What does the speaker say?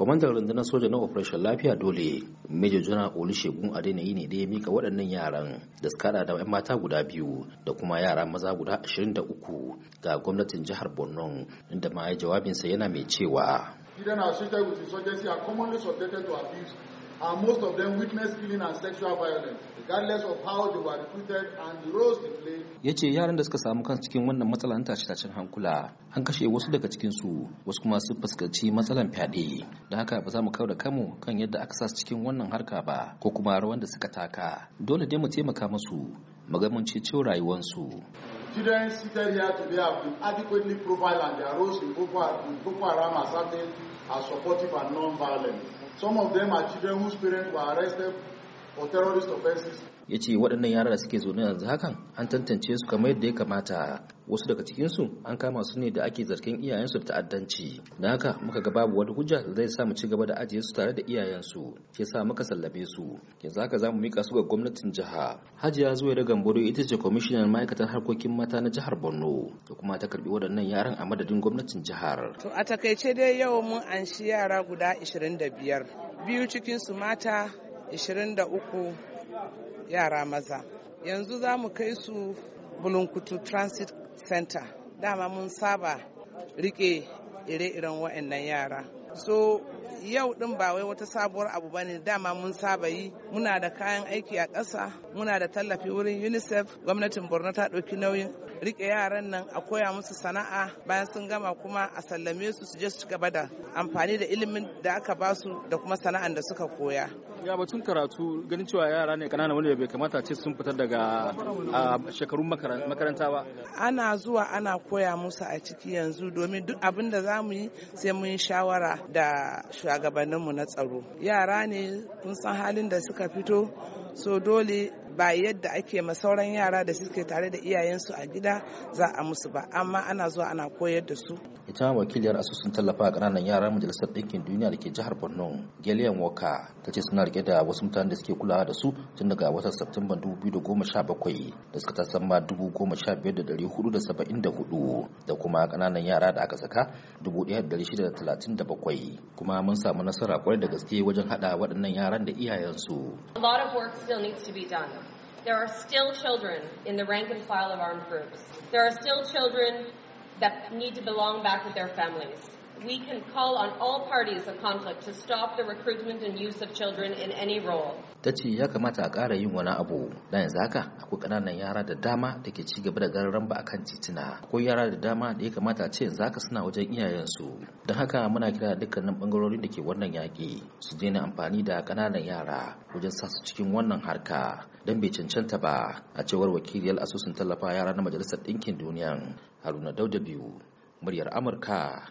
kwamandan rundunar soja na operation lafiya dole major general olusegun yi ne da ya mika waɗannan yaran da suka da 'yan mata guda biyu da kuma yara maza guda 23 ga gwamnatin jihar borno inda ma ya jawabinsa yana mai cewa and most of them witnessed killing and sexual violence, regardless of how they were recruited and the roles they played. Ya ce yaran da suka samu kansu cikin wannan matsalan tashi tashin hankula an kashe wasu daga cikinsu wasu kuma su fuskanci matsalan fyaɗe da haka ba za mu kawo da kanmu kan yadda aka sa su cikin wannan harka ba ko kuma rawan da suka taka dole dai mu taimaka musu mu ga mun rayuwarsu. Students seated here today have been adequately profiled and their roles in Boko, in Boko Haram are certain, are supportive and non-violent. Some of them are children whose parents were arrested ya ce waɗannan yara da suke zaune yanzu hakan an tantance su kamar yadda ya kamata wasu daga cikinsu an kama su ne da ake zargin iyayensu da ta'addanci da haka muka ga babu wani hujja zai sa mu ci gaba da ajiye su tare da iyayensu ke sa muka sallabe su yanzu haka za mu mika su ga gwamnatin jiha hajiya zuwa da gambaro ita ce kwamishinan ma'aikatar harkokin mata na jihar borno da kuma ta karbi waɗannan yaran a madadin gwamnatin jihar to a takaice dai yau mun anshi yara guda da biyar, biyu cikinsu mata 23 yara maza yanzu za mu kai su bulunkutu transit center dama mun saba rike ire-iren waɗannan yara so yau din ba wai wata sabuwar abu ba ne dama mun saba yi muna da kayan aiki a ƙasa muna da tallafi wurin unicef gwamnatin borno ta ɗauki nauyin rike yaran nan a koya musu sana'a bayan sun gama kuma a sallame su su je su gaba da amfani da ilimin da aka ba su da kuma sana'an da suka koya ya batun karatu ganin cewa yara ne kanana wanda bai kamata ce sun fitar daga shekarun makaranta ba ana zuwa ana koya musu a ciki yanzu domin duk abin da za mu yi sai mun yi shawara da shugabanninmu na tsaro yara ne kun san halin da suka fito so dole ba yadda ake ma sauran yara da suke tare da iyayensu a gida za a musu ba amma ana zuwa ana koyar da su ita wakiliyar asusun tallafa a ƙananan yara majalisar ɗinkin duniya da ke jihar borno gillian walker ta ce suna rike da wasu mutane da suke kulawa da su tun daga watan Satumba 2017 da suka tasamma 15,474 da kuma ƙananan yara da aka saka 1,637 kuma mun samu nasara kwarai da gaske wajen haɗa waɗannan yaran da iyayensu. There are still children in the rank and file of armed groups. There are still children that need to belong back with their families. we can call on all parties of conflict to stop the recruitment and use of children in any role. Ta ce ya kamata a ƙara yin wani abu dan yanzu haka akwai ƙananan yara da dama da ke ci gaba da gararan ba akan titina akwai yara da dama da ya kamata a ce yanzu haka suna wajen iyayensu don haka muna kira dukkanin bangarorin da ke wannan yaƙi su daina amfani da ƙananan yara wajen sa su cikin wannan harka don bai cancanta ba a cewar wakiliyar asusun tallafa yara na majalisar ɗinkin duniya haruna dauda biyu muryar amurka